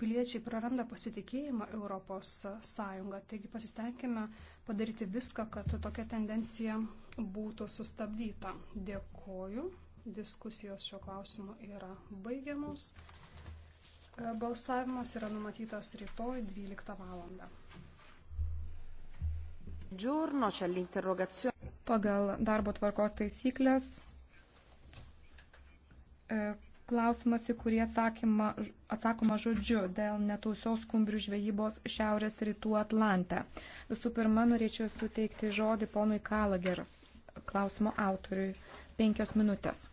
piliečiai praranda pasitikėjimą Europos Sąjungą. Taigi pasistengime padaryti viską, kad tokia tendencija būtų sustabdyta. Dėkoju. Diskusijos šio klausimu yra baigiamos. Balsavimas yra numatytas rytoj 12 val. Pagal darbo tvarkos taisyklės e, klausimas, į kurį atsakymą, atsakoma žodžiu dėl netausios skumbrių žvejybos Šiaurės rytų Atlante. Visų pirma, norėčiau suteikti žodį ponui Kalager, klausimo autoriui. Penkios minutės.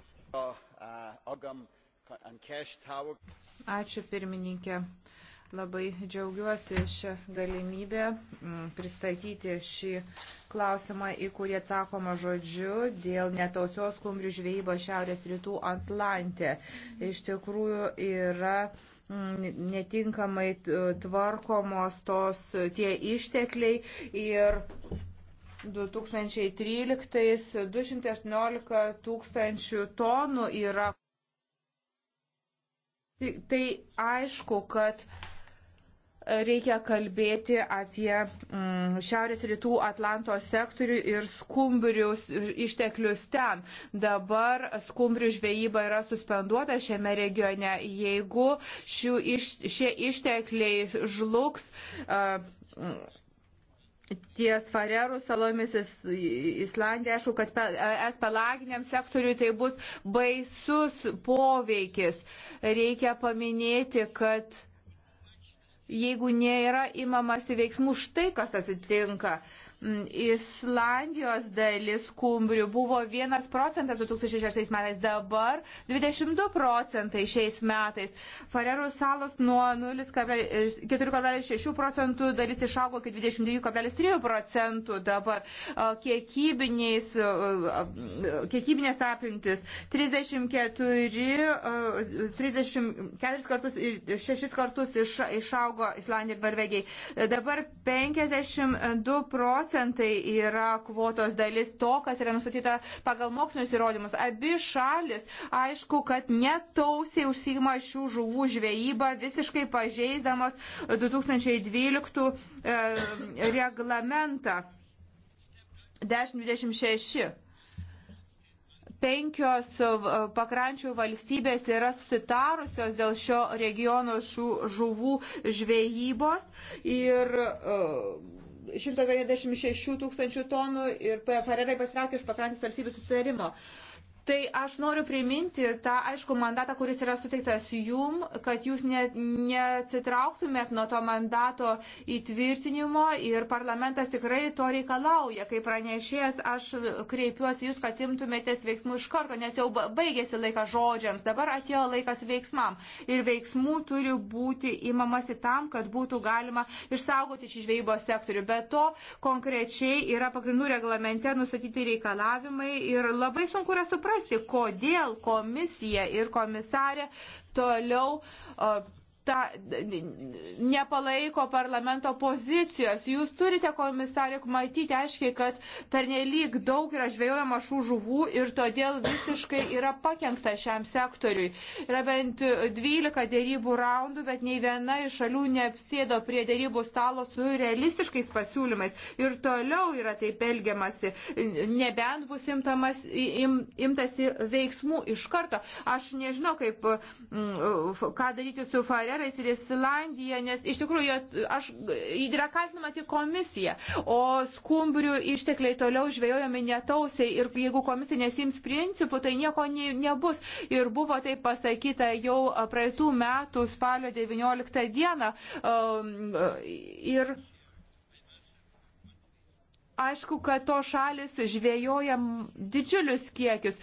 Ačiū pirmininkė. Labai džiaugiuosi šią galimybę mm, pristatyti šį klausimą, į kurį atsakoma žodžiu dėl netausios kumbrių žvejybos Šiaurės rytų Atlantė. Iš tikrųjų yra mm, netinkamai tvarkomos tos tie ištekliai ir 2013 218 tūkstančių tonų yra. Tai, tai aišku, kad reikia kalbėti apie mm, Šiaurės rytų Atlanto sektorių ir skumbrius išteklius ten. Dabar skumbrių žvejyba yra suspenduota šiame regione. Jeigu iš, šie ištekliai žlugs. Uh, Ties Farerų salomis Islandija, aišku, kad e, es pelaginiam sektoriui tai bus baisus poveikis. Reikia paminėti, kad jeigu nėra imamasi veiksmų, štai kas atsitinka. Mm, Islandijos dalis skumbrių buvo 1 procentas 2006 metais, dabar 22 procentai šiais metais. Farerų salos nuo 4,6 procentų dalis išaugo iki 22,3 procentų dabar. Kiekybinės, kiekybinės apimtis 34, 34 kartus ir 6 kartus iš, išaugo Islandija ir Norvegijai. Dabar 52 procentai procentai yra kvotos dalis to, kas yra nustatyta pagal mokslinius įrodymus. Abi šalis, aišku, kad netausiai užsima šių žuvų žvejybą, visiškai pažeisdamas 2012 e, reglamentą 1026 penkios e, pakrančių valstybės yra susitarusios dėl šio regiono šių žuvų žvejybos ir uh, 156 tūkstančių tonų ir farerai pasitraukė iš pakrantės valstybių sutarimo. Tai aš noriu priminti tą, aišku, mandatą, kuris yra suteiktas jum, kad jūs net neatsitrauktumėt nuo to mandato įtvirtinimo ir parlamentas tikrai to reikalauja. Kaip pranešėjas, aš kreipiuosi jūs, kad imtumėtės veiksmų iš karto, nes jau baigėsi laikas žodžiams, dabar atėjo laikas veiksmam. Ir veiksmų turi būti imamasi tam, kad būtų galima išsaugoti šį žvejybos sektorių. Be to, konkrečiai yra pagrindų reglamente nustatyti reikalavimai ir labai sunku yra suprasti suprasti, kodėl komisija ir komisarė toliau ta, nepalaiko parlamento pozicijos. Jūs turite, komisariuk, matyti aiškiai, kad pernelyg daug yra žvejojama šių žuvų ir todėl visiškai yra pakengta šiam sektoriui. Yra bent 12 dėrybų raundų, bet nei viena iš šalių neapsėdo prie dėrybų stalo su realistiškais pasiūlymais. Ir toliau yra taip elgiamasi, nebent bus imtamas, im, imtasi veiksmų iš karto. Aš nežinau, kaip, mm, ką daryti su Fare Farerais ir Islandija, nes iš tikrųjų aš, yra kaltinama tik komisija, o skumbrių ištekliai toliau žvejojami netausiai ir jeigu komisija nesims principų, tai nieko ne, nebus. Ir buvo tai pasakyta jau praeitų metų spalio 19 dieną. Um, ir aišku, kad to šalis žvėjoja didžiulius kiekius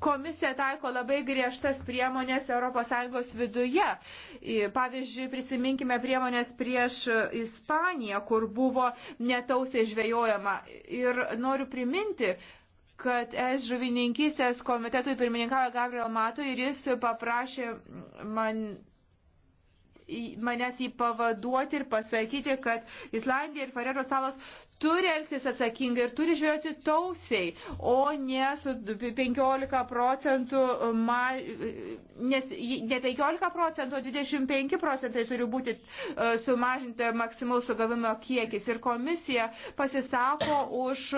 komisija taiko labai griežtas priemonės ES viduje. Pavyzdžiui, prisiminkime priemonės prieš Ispaniją, kur buvo netausiai žvejojama. Ir noriu priminti, kad es žuvininkystės komitetui pirmininkavo Gabriel Mato ir jis paprašė man manęs jį pavaduoti ir pasakyti, kad Islandija ir Farero salos turi elgtis atsakingai ir turi žvejoti tausiai, o ne su 15 procentų, ma, nes ne 15 procentų, o 25 procentai turi būti e, sumažinta maksimalus sugavimo kiekis. Ir komisija pasisako už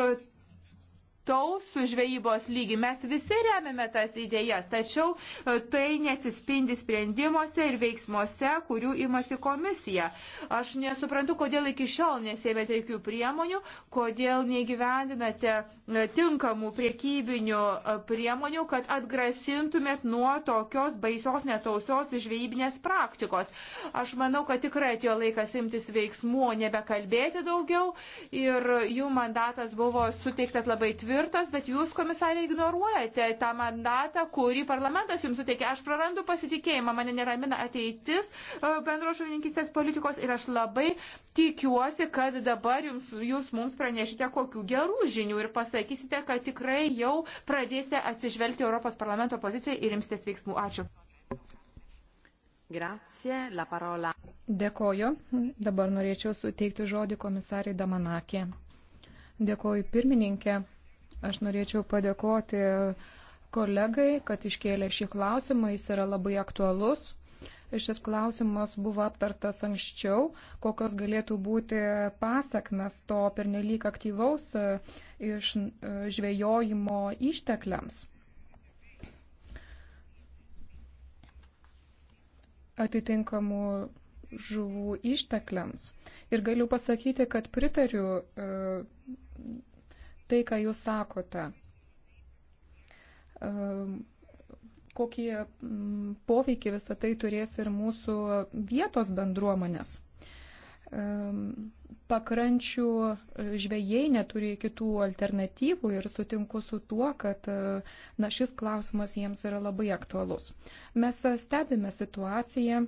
tausų žvejybos lygį. Mes visi remiame tas idėjas, tačiau e, tai neatsispindi sprendimuose ir veiksmuose, kurių imasi komisija. Aš nesuprantu, kodėl iki šiol nesėmėte jokių priemonių, kodėl negyvendinate e, tinkamų priekybinių e, priemonių, kad atgrasintumėt nuo tokios baisios netausios žvejybinės praktikos. Aš manau, kad tikrai atėjo laikas imtis veiksmų, nebekalbėti daugiau ir jų mandatas buvo suteiktas labai tvirtas tvirtas, bet jūs, komisarė, ignoruojate tą mandatą, kurį parlamentas jums suteikė. Aš prarandu pasitikėjimą, mane neramina ateitis e, bendro žuvininkistės politikos ir aš labai tikiuosi, kad dabar jums, jūs mums pranešite kokių gerų žinių ir pasakysite, kad tikrai jau pradėsite atsižvelgti Europos parlamento poziciją ir imsitės veiksmų. Ačiū. Grazie, la parola. Dėkoju. Dabar norėčiau suteikti žodį komisarai Damanakė. Dėkoju pirmininkė. Aš norėčiau padėkoti kolegai, kad iškėlė šį klausimą, jis yra labai aktualus. Šis klausimas buvo aptartas anksčiau, kokios galėtų būti pasakmes to pernelyg aktyvaus e, iš e, žvejojimo ištekliams. Atitinkamų žuvų ištekliams. Ir galiu pasakyti, kad pritariu e, tai, ką jūs sakote. Ehm, kokį mm, poveikį visą tai turės ir mūsų vietos bendruomenės. Ehm, pakrančių e, žvėjai neturi kitų alternatyvų ir sutinku su tuo, kad e, na, šis klausimas jiems yra labai aktualus. Mes e, stebime situaciją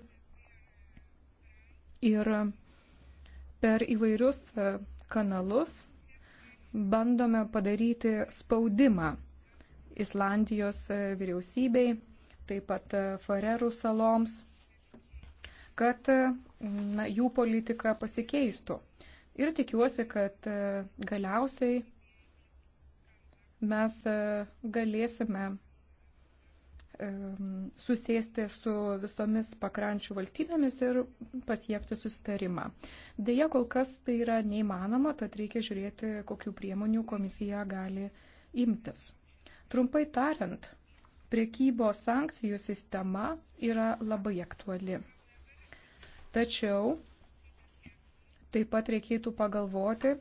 ir per įvairius kanalus bandome padaryti spaudimą Islandijos e, vyriausybei, taip pat e, Farerų saloms, kad e, na, jų politika pasikeistų. Ir tikiuosi, kad galiausiai mes galėsime susėsti su visomis pakrančių valstybėmis ir pasiekti sustarimą. Deja, kol kas tai yra neįmanoma, tad reikia žiūrėti, kokiu priemonių komisija gali imtis. Trumpai tariant, priekybos sankcijų sistema yra labai aktuali. Tačiau taip pat reikėtų pagalvoti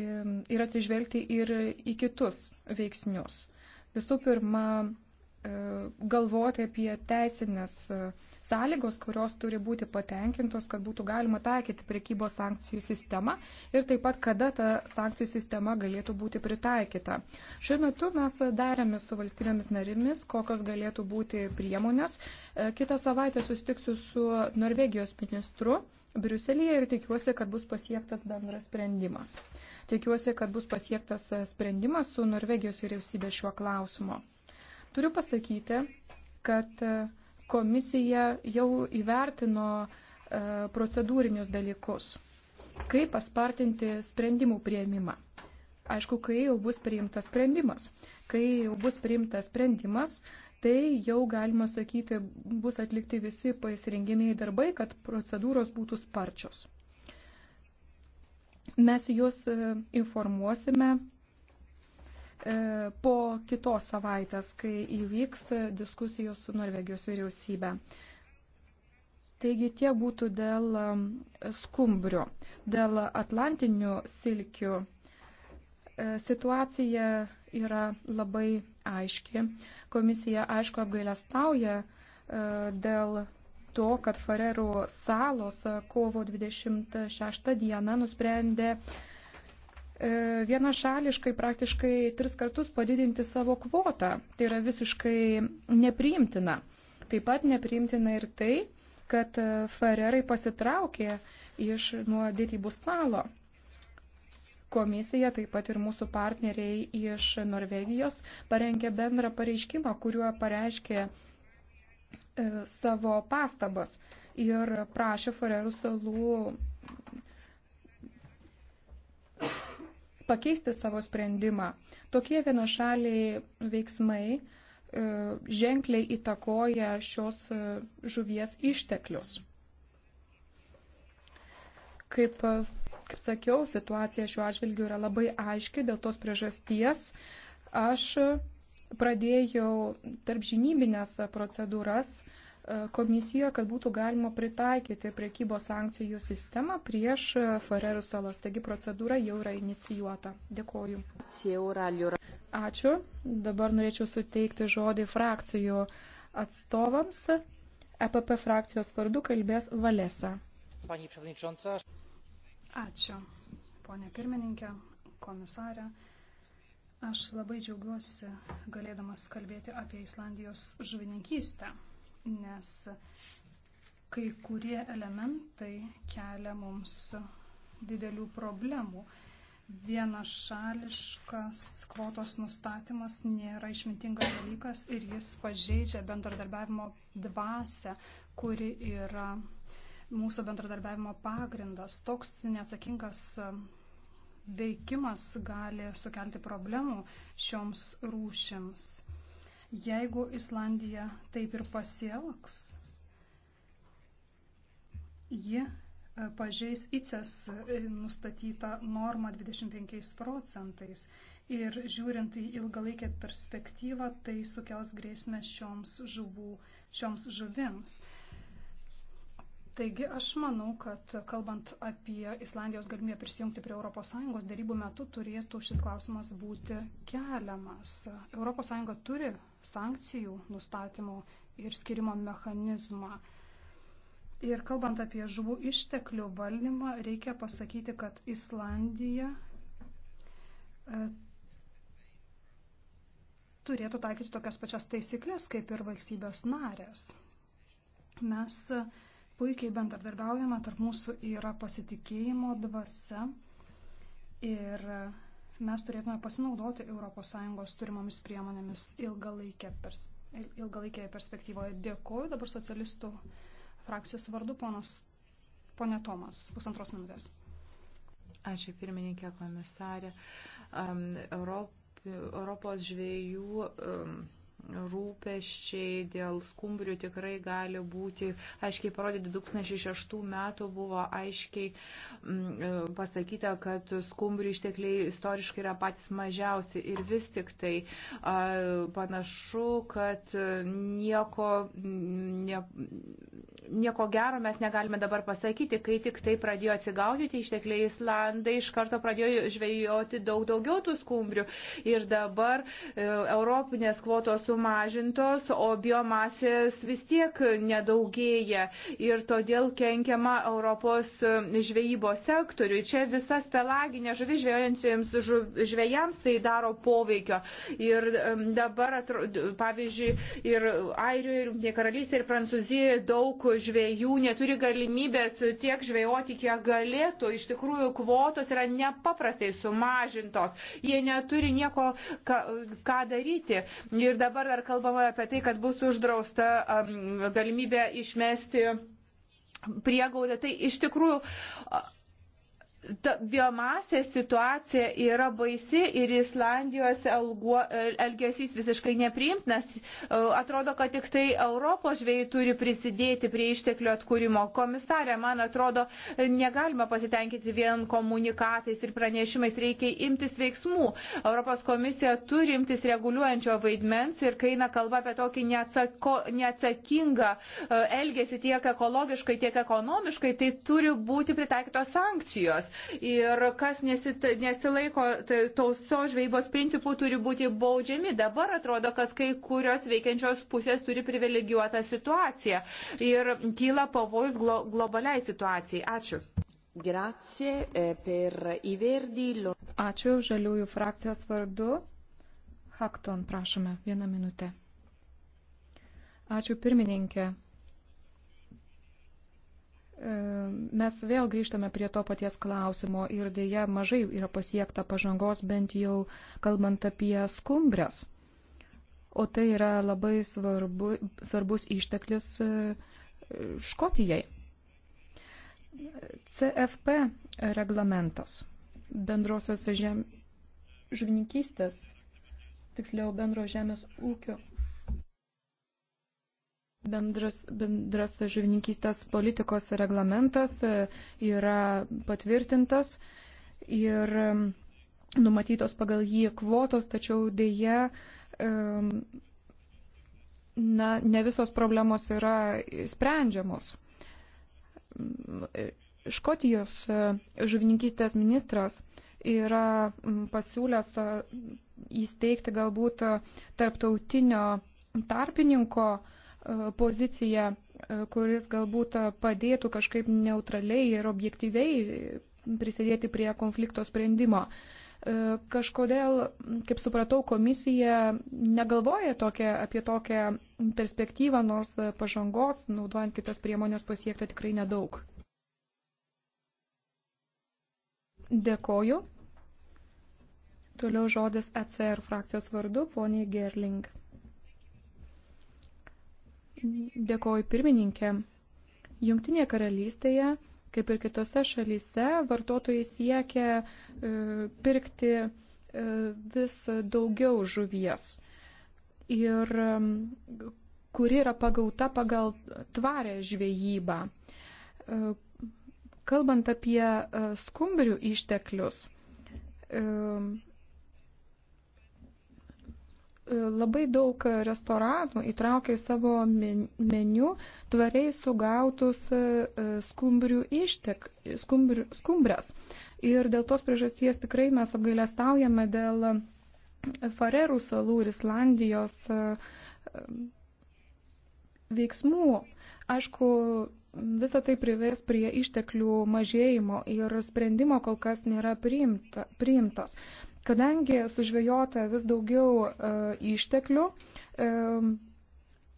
ir atsižvelgti ir į kitus veiksnius visų pirma e, galvoti apie teisinės e, sąlygos, kurios turi būti patenkintos, kad būtų galima taikyti prekybos sankcijų sistemą ir taip pat, kada ta sankcijų sistema galėtų būti pritaikyta. Šiuo metu mes darėme su valstybėmis narimis, kokios galėtų būti priemonės. E, kitą savaitę sustiksiu su Norvegijos ministru Briuselėje ir tikiuosi, kad bus pasiektas bendras sprendimas. Tikiuosi, kad bus pasiektas e, sprendimas su Norvegijos vyriausybė šiuo klausimu. Turiu pasakyti, kad e, komisija jau įvertino e, procedūrinius dalykus. Kaip paspartinti sprendimų prieimimą? Aišku, kai jau bus priimtas sprendimas. Kai jau bus priimtas sprendimas, tai jau galima sakyti bus atlikti visi pasirengimiai darbai, kad procedūros būtų sparčios. Mes juos e, informuosime e, po kitos savaitės, kai įvyks diskusijos su Norvegijos vyriausybė. Taigi tie būtų dėl e, skumbrių, dėl atlantinių silkių. Situacija yra labai aiški. Komisija aišku apgailestauja e, dėl to, kad Farerų salos e, kovo 26 dieną nusprendė e, vienašališkai praktiškai tris kartus padidinti savo kvotą. Tai yra visiškai nepriimtina. Taip pat nepriimtina ir tai, kad Farerai pasitraukė iš nuo dėrybų stalo. Komisija, taip pat ir mūsų partneriai iš Norvegijos parengė bendrą pareiškimą, kuriuo pareiškė e, savo pastabas ir prašė Forerų salų pakeisti savo sprendimą. Tokie vienašaliai veiksmai e, ženkliai įtakoja šios e, žuvies išteklius. Kaip, kaip sakiau, situacija šiuo atžvilgiu yra labai aiški, dėl tos priežasties aš pradėjau tarp žinybinės procedūras e, komisijoje, kad būtų galima pritaikyti priekybos sankcijų sistemą prieš Farerų salas. Taigi procedūra jau yra inicijuota. Dėkoju. Ačiū. Dabar norėčiau suteikti žodį frakcijų atstovams. EPP frakcijos vardu kalbės Valesa. Ačiū, ponė pirmininkė, komisarė. Aš labai džiaugiuosi galėdamas kalbėti apie Islandijos žuvininkystę, nes kai kurie elementai kelia mums didelių problemų. Vienašališkas kvotos nustatymas nėra išmintingas dalykas ir jis pažeidžia bendradarbiavimo dvasę, kuri yra mūsų bendradarbiavimo pagrindas. Toks neatsakingas e, veikimas gali sukelti problemų šioms rūšims. Jeigu Islandija taip ir pasielgs, ji e, pažeis ICES e, nustatytą normą 25 procentais. Ir žiūrint į ilgalaikę perspektyvą, tai sukels grėsmę šioms, žuvų, šioms žuvims. Taigi aš manau, kad kalbant apie Islandijos galimybę prisijungti prie ES dėrybų metu turėtų šis klausimas būti keliamas. ES turi sankcijų nustatymo ir skirimo mechanizmą. Ir kalbant apie žuvų išteklių valdymą, reikia pasakyti, kad Islandija e, turėtų taikyti tokias pačias taisyklės kaip ir valstybės narės. Mes uh, puikiai bendradarbiaujame, tarp mūsų yra pasitikėjimo dvasia ir mes turėtume pasinaudoti ES turimomis priemonėmis ilgalaikėje pers ilgalaikė perspektyvoje. Dėkuoju dabar socialistų frakcijos vardu, ponas, ponė Tomas, pusantros minutės. Ačiū pirmininkė komisarė. Um, Europ, Europos žvėjų. Um, rūpeščiai dėl skumbrių tikrai gali būti, aiškiai parodyti, 2006 metų buvo aiškiai m, mm, e, pasakyta, kad skumbrių ištekliai istoriškai yra patys mažiausi ir vis tik tai a, panašu, kad nieko, mm, ne, nieko gero mes negalime dabar pasakyti, kai tik tai pradėjo atsigauti tie ištekliai Islandai, iš karto pradėjo žvejoti daug daugiau tų skumbrių ir dabar e, europinės kvotos sumažintos, o biomasės vis tiek nedaugėja ir todėl kenkiama Europos žvejybos sektoriui. Čia visas pelaginė žuvis žvejojantiems žvejams tai daro poveikio. Ir dabar, pavyzdžiui, ir Airijoje, ir Junktinė karalystė, ir Prancūzijoje daug žvėjų neturi galimybės tiek žvejoti, kiek galėtų. Iš tikrųjų, kvotos yra nepaprastai sumažintos. Jie neturi nieko ką, ką daryti. Ir dabar dabar dar kalbama apie tai, kad bus uždrausta um, galimybė išmesti priegaudą. Tai iš tikrųjų ta biomasės situacija yra baisi ir Islandijos elguo, elgesys visiškai nepriimtinas. E, atrodo, kad tik tai Europos žvėjai turi prisidėti prie išteklių atkūrimo. Komisarė, man atrodo, negalima pasitenkinti vien komunikatais ir pranešimais, reikia imtis veiksmų. Europos komisija turi imtis reguliuojančio vaidmens ir kai eina kalba apie tokį neatsako, neatsakingą e, elgesį tiek ekologiškai, tiek ekonomiškai, tai turi būti pritaikytos sankcijos ir kas nesit, nesilaiko tausos žvejybos principų turi būti baudžiami. Dabar atrodo, kad kai kurios veikiančios pusės turi privilegijuotą situaciją ir kyla pavojus glo, globaliai situacijai. Ačiū. Grazie eh, per i verdi. Ačiū žaliųjų frakcijos vardu. Hakton, prašome, vieną minutę. Ačiū pirmininkė mes vėl grįžtame prie to paties klausimo ir dėja mažai yra pasiekta pažangos, bent jau kalbant apie skumbrės. O tai yra labai svarbu, svarbus išteklis e, Škotijai. CFP reglamentas bendrosios žem... žuvininkystės, tiksliau bendro žemės ūkio Bendras, bendras žuvininkystės politikos reglamentas e, yra patvirtintas ir e, numatytos pagal jį kvotos, tačiau dėje e, na, ne visos problemos yra sprendžiamos. Škotijos žuvininkystės ministras yra pasiūlęs įsteigti galbūt tarptautinio tarpininko uh, E, poziciją, e, kuris galbūt padėtų kažkaip neutraliai ir objektyviai prisidėti prie konflikto sprendimo. E, kažkodėl, kaip supratau, komisija negalvoja tokia, apie tokią perspektyvą, nors pažangos, naudojant kitas priemonės, pasiekta tikrai nedaug. Dėkoju. Toliau žodis ECR frakcijos vardu, poniai Gerling. Dėkoju pirmininkė. Jungtinėje karalystėje, kaip ir kitose šalyse, vartotojai siekia e, pirkti e, vis daugiau žuvies. Ir e, kuri yra pagauta pagal tvarę žvejybą. Kalbant apie skumbrių išteklius, labai daug restoranų įtraukia į savo meniu tvariai sugautus e, e, skumbrių ištek, skumbr, skumbrės. Ir dėl tos priežasties tikrai mes apgailestaujame dėl Farerų salų ir Islandijos e, veiksmų. Aišku, visą tai prives prie išteklių mažėjimo ir sprendimo kol kas nėra priimta, priimtas. Kadangi sužvejota vis daugiau e, išteklių, e,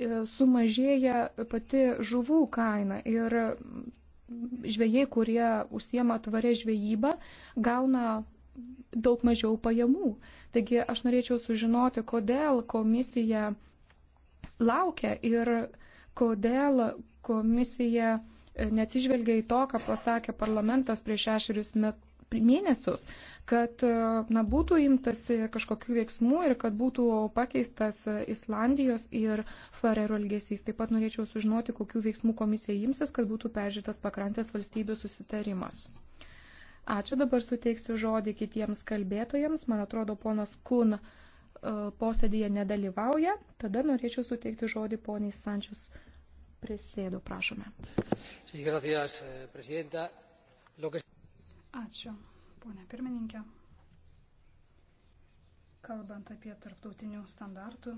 e sumažėja pati žuvų kaina ir žvėjai, kurie užsiema tvarė žvejybą, gauna daug mažiau pajamų. Taigi aš norėčiau sužinoti, kodėl komisija laukia ir kodėl komisija neatsižvelgia į to, ką pasakė parlamentas prieš šešerius metus mėnesius, kad e, na, būtų imtasi kažkokių veiksmų ir kad būtų pakeistas e, Islandijos ir Farero elgesys. Taip pat norėčiau sužinoti, kokių veiksmų komisija imsis, kad būtų peržiūrėtas pakrantės valstybių susitarimas. Ačiū, dabar suteiksiu žodį kitiems kalbėtojams. Man atrodo, ponas Kun e, posėdėje nedalyvauja. Tada norėčiau suteikti žodį poniai Sančius. Prisėdu, prašome. Sí, gracias, eh, presidenta. Lo que... Ačiū, ponė pirmininkė. Kalbant apie tarptautinių standartų,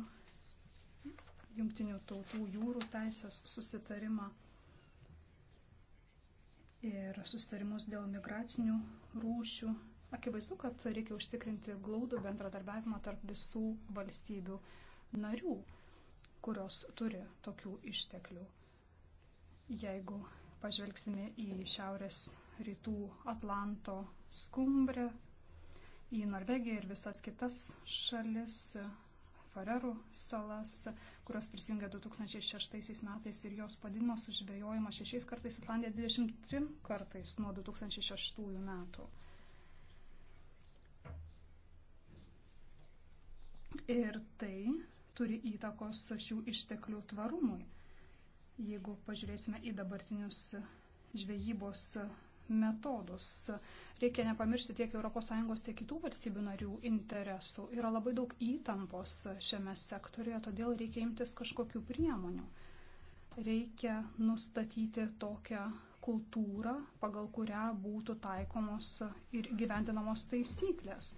jungtinių tautų jūrų teisės susitarimą ir susitarimus dėl migracinių rūšių, akivaizdu, kad reikia užtikrinti glaudų bendradarbiavimą tarp visų valstybių narių, kurios turi tokių išteklių. Jeigu pažvelgsime į Šiaurės rytų Atlanto skumbrę, į Norvegiją ir visas kitas šalis, Farerų salas, kurios prisijungė 2006 metais ir jos padidino sužvėjojimą šešiais kartais, Islandija 23 kartais nuo 2006 metų. Ir tai turi įtakos šių išteklių tvarumui. Jeigu pažiūrėsime į dabartinius žvejybos metodus. Reikia nepamiršti tiek ES, tiek kitų valstybių narių interesų. Yra labai daug įtampos šiame sektoriuje, todėl reikia imtis kažkokių priemonių. Reikia nustatyti tokią kultūrą, pagal kurią būtų taikomos ir gyventinamos taisyklės.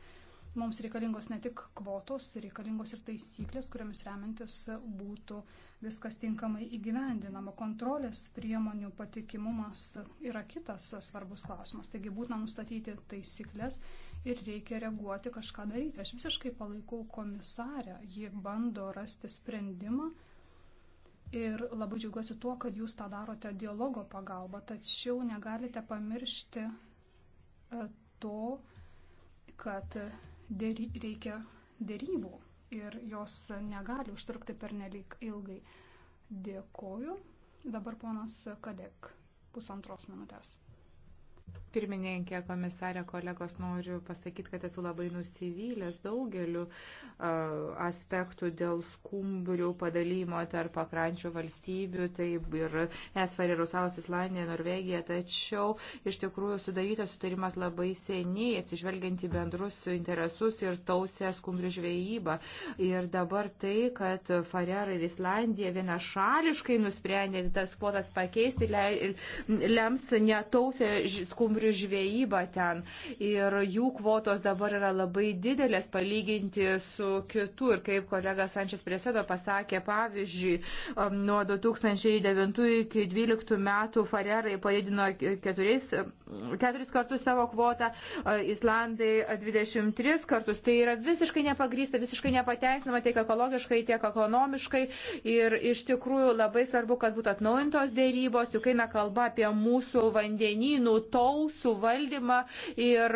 Mums reikalingos ne tik kvotos, reikalingos ir taisyklės, kuriamis remiantis būtų viskas tinkamai įgyvendinama. Kontrolės priemonių patikimumas yra kitas svarbus klausimas. Taigi būtina nustatyti taisyklės ir reikia reaguoti kažką daryti. Aš visiškai palaikau komisarę. Ji bando rasti sprendimą. Ir labai džiaugiuosi tuo, kad jūs tą darote dialogo pagalba, tačiau negalite pamiršti e, to, kad dėry, reikia dėrybų ir jos negali užtrukti per nelik ilgai. Dėkoju. Dabar ponas Kadek, pusantros minutės pirmininkė, komisarė, kolegos, noriu pasakyti, kad esu labai nusivylęs daugeliu uh, aspektų dėl skumbrių padalymo tarp pakrančių valstybių, taip ir Esvarė, Rusalas, Islandija, Norvegija, tačiau iš tikrųjų sudarytas sutarimas labai seniai, atsižvelgiant į bendrus interesus ir tausę skumbrių žvejybą. Ir dabar tai, kad Farerai ir Islandija vienašališkai nusprendė tas kvotas pakeisti, le, lems netausę skumbrių turi žvejybą ten ir jų kvotos dabar yra labai didelės palyginti su kitų. Ir kaip kolega Sančias Presedo pasakė, pavyzdžiui, um, nuo 2009 iki 2012 metų Farerai padidino keturis, um, keturis kartus savo kvotą, Islandai 23 kartus. Tai yra visiškai nepagrysta, visiškai nepateisinama tiek ekologiškai, tiek ekonomiškai. Ir iš tikrųjų labai svarbu, kad būtų atnaujintos dėrybos, juk eina kalba apie mūsų vandenynų taus mūsų valdymą ir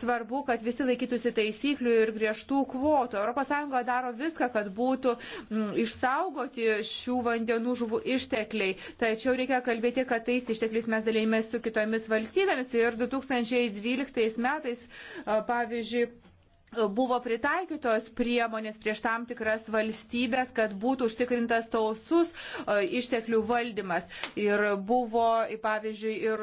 svarbu, kad visi laikytųsi taisyklių ir griežtų kvotų. ES daro viską, kad būtų mm, išsaugoti šių vandenų žuvų ištekliai. Tačiau reikia kalbėti, kad tais ištekliais mes dalėjimės su kitomis valstybėmis ir 2012 metais, pavyzdžiui, buvo pritaikytos priemonės prieš tam tikras valstybės, kad būtų užtikrintas tausus e, išteklių valdymas. Ir buvo, pavyzdžiui, ir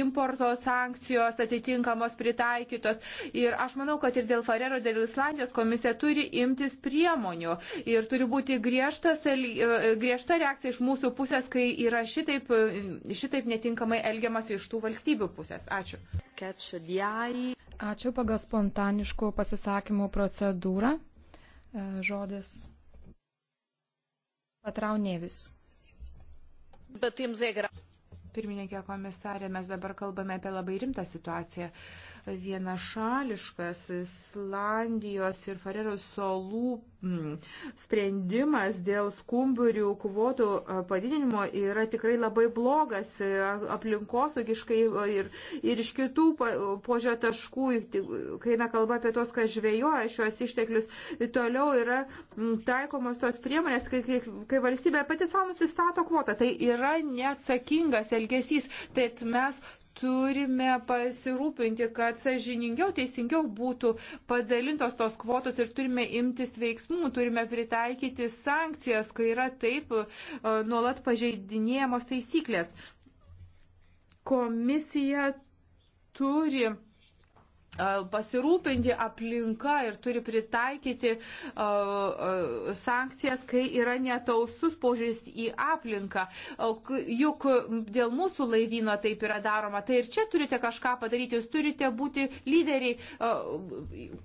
importo sankcijos atitinkamos pritaikytos. Ir aš manau, kad ir dėl Farero, dėl Islandijos komisija turi imtis priemonių. Ir turi būti griežtas, e, griežta reakcija iš mūsų pusės, kai yra šitaip, e, šitaip netinkamai elgiamas iš tų valstybių pusės. Ačiū. Ačiū pagal spontaniškų pasisakymų procedūrą. E, žodis Patraunėvis. Pirmininkė komisarė, mes dabar kalbame apie labai rimtą situaciją vienašališkas Islandijos ir Farerų salų mm, sprendimas dėl skumburių kvotų padidinimo yra tikrai labai blogas e, aplinkosaugiškai e, ir, ir iš kitų požio taškų, kai eina kalba apie tos, kas žvejoja šios išteklius, toliau yra taikomos tos priemonės, kai, kai, kai valstybė pati savo nusistato kvotą. Tai yra neatsakingas elgesys. Tai mes turime pasirūpinti, kad sažiningiau, teisingiau būtų padalintos tos kvotos ir turime imtis veiksmų, turime pritaikyti sankcijas, kai yra taip e, nuolat pažeidinėjamos taisyklės. Komisija turi pasirūpinti aplinka ir turi pritaikyti uh, sankcijas, kai yra netausus požiūris į aplinką. Juk dėl mūsų laivyno taip yra daroma. Tai ir čia turite kažką padaryti, jūs turite būti lyderiai, uh,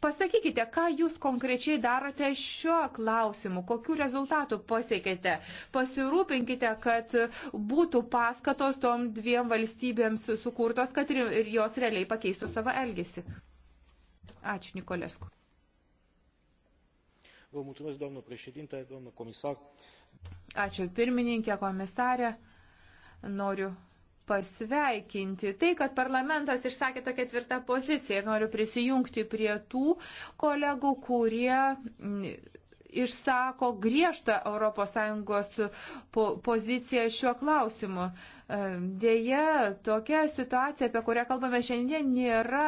Pasakykite, ką jūs konkrečiai darote šiuo klausimu, kokiu rezultatu pasiekėte. Pasirūpinkite, kad būtų paskatos tom dviem valstybėms sukurtos, kad ir jos realiai pakeistų savo elgesį. Ačiū, Nikolesku. Vă mulțumesc, doamnă președinte, doamnă comisar. Ačiū pirmininkė, komisarė. Noriu pasveikinti. Tai, kad parlamentas išsakė tokią tvirtą poziciją ir noriu prisijungti prie tų kolegų, kurie išsako griežtą ES poziciją šiuo klausimu. Deja, tokia situacija, apie kurią kalbame šiandien, nėra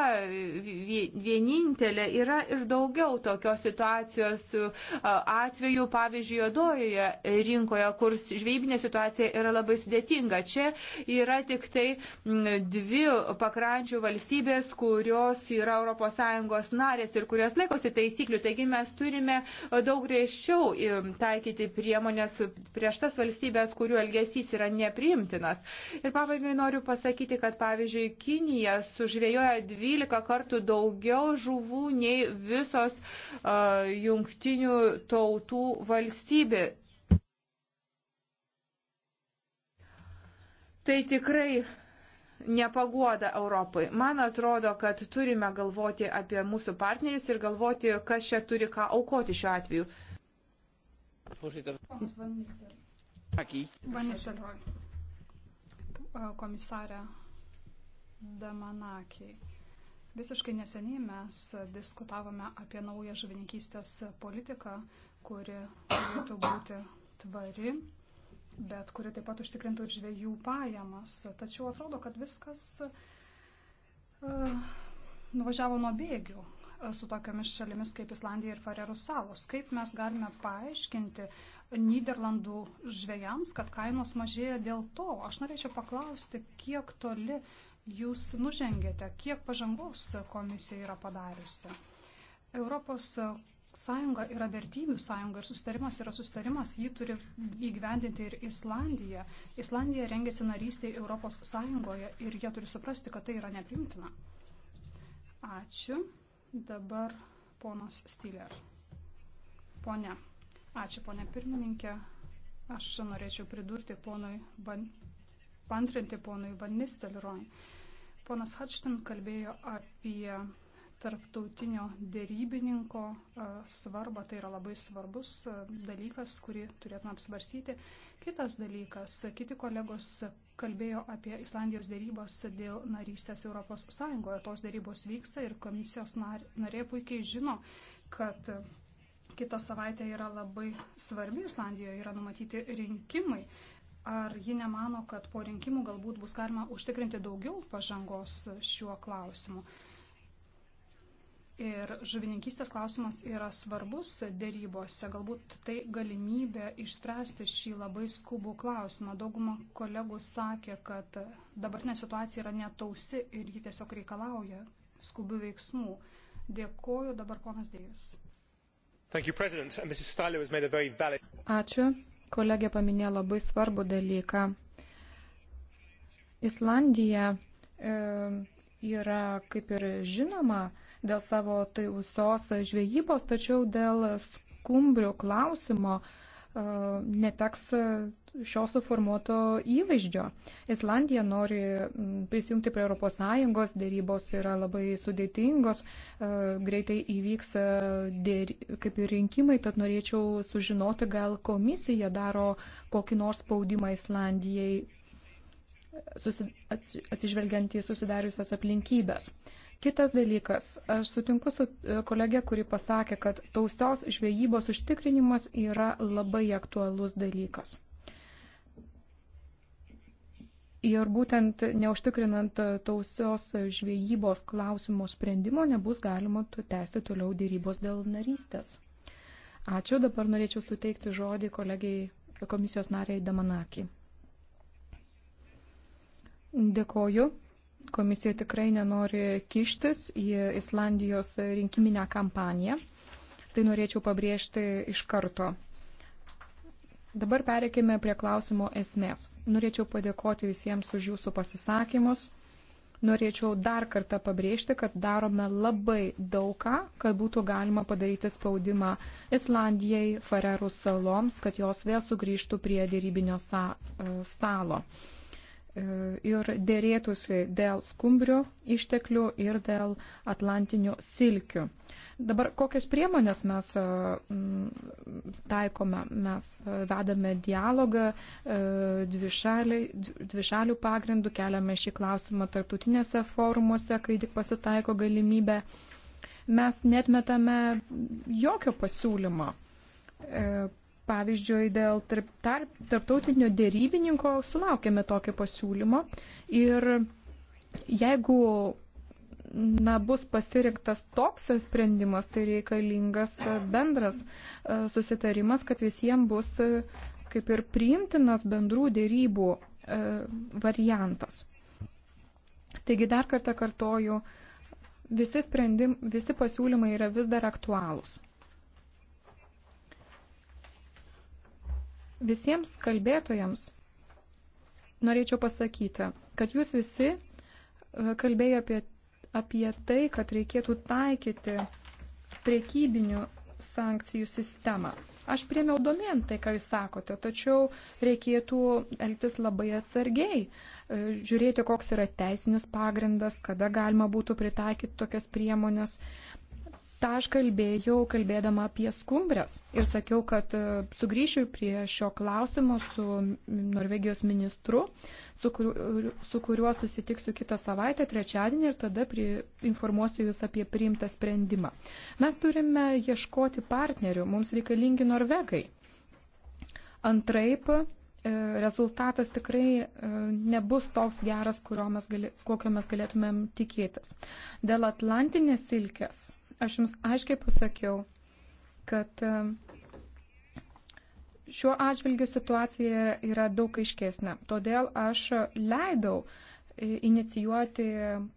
vienintelė. Yra ir daugiau tokios situacijos e, atvejų, pavyzdžiui, jodojoje rinkoje, kur žvejybinė situacija yra labai sudėtinga. Čia yra tik tai dvi pakrančių valstybės, kurios yra ES narės ir kurios laikosi taisyklių. Taigi mes turime daug griežčiau taikyti priemonės prieš tas valstybės, kurių elgesys yra nepriimtinas. Ir pabaigai noriu pasakyti, kad pavyzdžiui, Kinija sužvėjoja 12 kartų daugiau žuvų nei visos uh, jungtinių tautų valstybė. Tai tikrai nepagoda Europai. Man atrodo, kad turime galvoti apie mūsų partnerius ir galvoti, kas čia turi ką aukoti šiuo atveju. Voorzitter. Van Nistelrooy. E, komisarė Damanakiai. Visiškai neseniai mes diskutavome apie naują žuvininkystės politiką, kuri turėtų būti tvari, bet kuri taip pat užtikrintų ir žvėjų pajamas. Tačiau atrodo, kad viskas uh, nuvažiavo nuo bėgių su tokiamis šalimis kaip Islandija ir Farerų salos. Kaip mes galime paaiškinti Niderlandų žvėjams, kad kainos mažėja dėl to? Aš norėčiau paklausti, kiek toli jūs nužengėte, kiek pažangos komisija yra padariusi. Europos sąjunga yra vertybių sąjunga ir sustarimas yra sustarimas, jį turi įgyvendinti ir Islandija. Islandija rengiasi narystiai Europos sąjungoje ir jie turi suprasti, kad tai yra neprimtina. Ačiū. Dabar ponas Stiller. Pone. Ačiū, ponė pirmininkė. Aš norėčiau pridurti ponui, ban, pantrinti ponui Van Nistelrooy. Ponas Hatštin kalbėjo apie tarptautinio dėrybininko e, svarbą. Tai yra labai svarbus e, dalykas, kurį turėtume apsvarstyti. Kitas dalykas, kiti kolegos kalbėjo apie Islandijos dėrybas dėl narystės Europos Sąjungoje. Tos dėrybos vyksta ir komisijos narė puikiai žino, kad kita savaitė yra labai svarbi Islandijoje, yra numatyti rinkimai. Ar ji nemano, kad po rinkimų galbūt bus galima užtikrinti daugiau pažangos šiuo klausimu? Ir žuvininkystės klausimas yra svarbus dėrybose. Galbūt tai galimybė išspręsti šį labai skubų klausimą. Dauguma kolegų sakė, kad dabartinė situacija yra netausi ir ji tiesiog reikalauja skubių veiksmų. Dėkoju dabar ponas Dėjus. Ačiū. Kolegė paminėjo labai svarbų dalyką. Islandija e, yra, kaip ir žinoma, e, dėl savo taivusios žvejybos, tačiau dėl skumbrių klausimo e, neteks šio suformuoto įvaizdžio. Islandija nori prisijungti prie ES, dėrybos yra labai sudėtingos, e, greitai įvyks e, dėry, kaip ir rinkimai, tad norėčiau sužinoti, gal komisija daro kokį nors spaudimą Islandijai atsižvelgiant į susidariusias aplinkybės. Kitas dalykas, aš sutinku su e, kolegė, kuri pasakė, kad tausios žvejybos užtikrinimas yra labai aktualus dalykas. Ir būtent neužtikrinant tausios žvejybos klausimo sprendimo nebus galima tęsti toliau dėrybos dėl narystės. Ačiū, dabar norėčiau suteikti žodį kolegijai komisijos nariai Damanakį. Dėkoju, Komisija tikrai nenori kištis į Islandijos rinkiminę kampaniją. Tai norėčiau pabrėžti iš karto. Dabar pereikime prie klausimo esmės. Norėčiau padėkoti visiems už jūsų pasisakymus. Norėčiau dar kartą pabrėžti, kad darome labai daugą, kad būtų galima padaryti spaudimą Islandijai, Farerų saloms, kad jos vėl sugrįžtų prie dėrybinio e, stalo ir dėrėtųsi dėl skumbrio išteklių ir dėl atlantinių silkių. Dabar kokias priemonės mes taikome? Mes vedame dialogą dvišalių dvi pagrindų, keliame šį klausimą tarptautinėse forumuose, kai tik pasitaiko galimybė. Mes netmetame jokio pasiūlymo e, Pavyzdžiui, dėl tarp, tarp, tarptautinio dėrybininko sulaukėme tokio pasiūlymo ir jeigu na, bus pasirinktas toks sprendimas, tai reikalingas e, bendras e, susitarimas, kad visiems bus e, kaip ir priimtinas bendrų dėrybų variantas. Taigi dar kartą kartoju, visi, sprendim, visi pasiūlymai yra vis dar aktualūs. Visiems kalbėtojams norėčiau pasakyti, kad jūs visi e, kalbėjo apie, apie tai, kad reikėtų taikyti priekybinių sankcijų sistemą. Aš priemiau domen tai, ką jūs sakote, tačiau reikėtų elgtis labai atsargiai, e, žiūrėti, koks yra teisinis pagrindas, kada galima būtų pritaikyti tokias priemonės. Ta aš kalbėjau, kalbėdama apie skumbrės ir sakiau, kad e, sugrįšiu prie šio klausimo su Norvegijos ministru, su, kur, su kuriuo susitiksiu kitą savaitę, trečiadienį ir tada pri, informuosiu Jūs apie priimtą sprendimą. Mes turime ieškoti partnerių, mums reikalingi norvegai. Antraip, e, rezultatas tikrai e, nebus toks geras, mes gali, kokio mes galėtumėm tikėtis. Dėl Atlantinės silkės Aš Jums aiškiai pasakiau, kad e, šiuo atžvilgiu situacija yra daug aiškesnė. Todėl aš leidau e, inicijuoti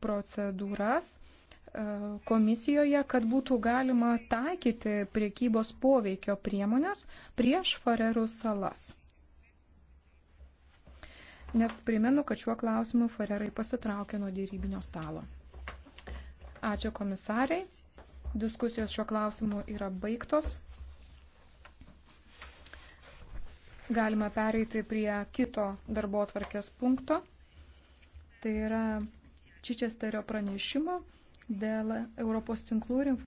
procedūras e, komisijoje, kad būtų galima taikyti priekybos poveikio priemonės prieš Farerų salas. Nes primenu, kad šiuo klausimu Farerai pasitraukė nuo dėrybinio stalo. Ačiū komisariai. Diskusijos šiuo klausimu yra baigtos. Galima pereiti prie kito darbo atvarkės punkto. Tai yra Čičesterio pranešimo dėl Europos tinklų ir informacijos.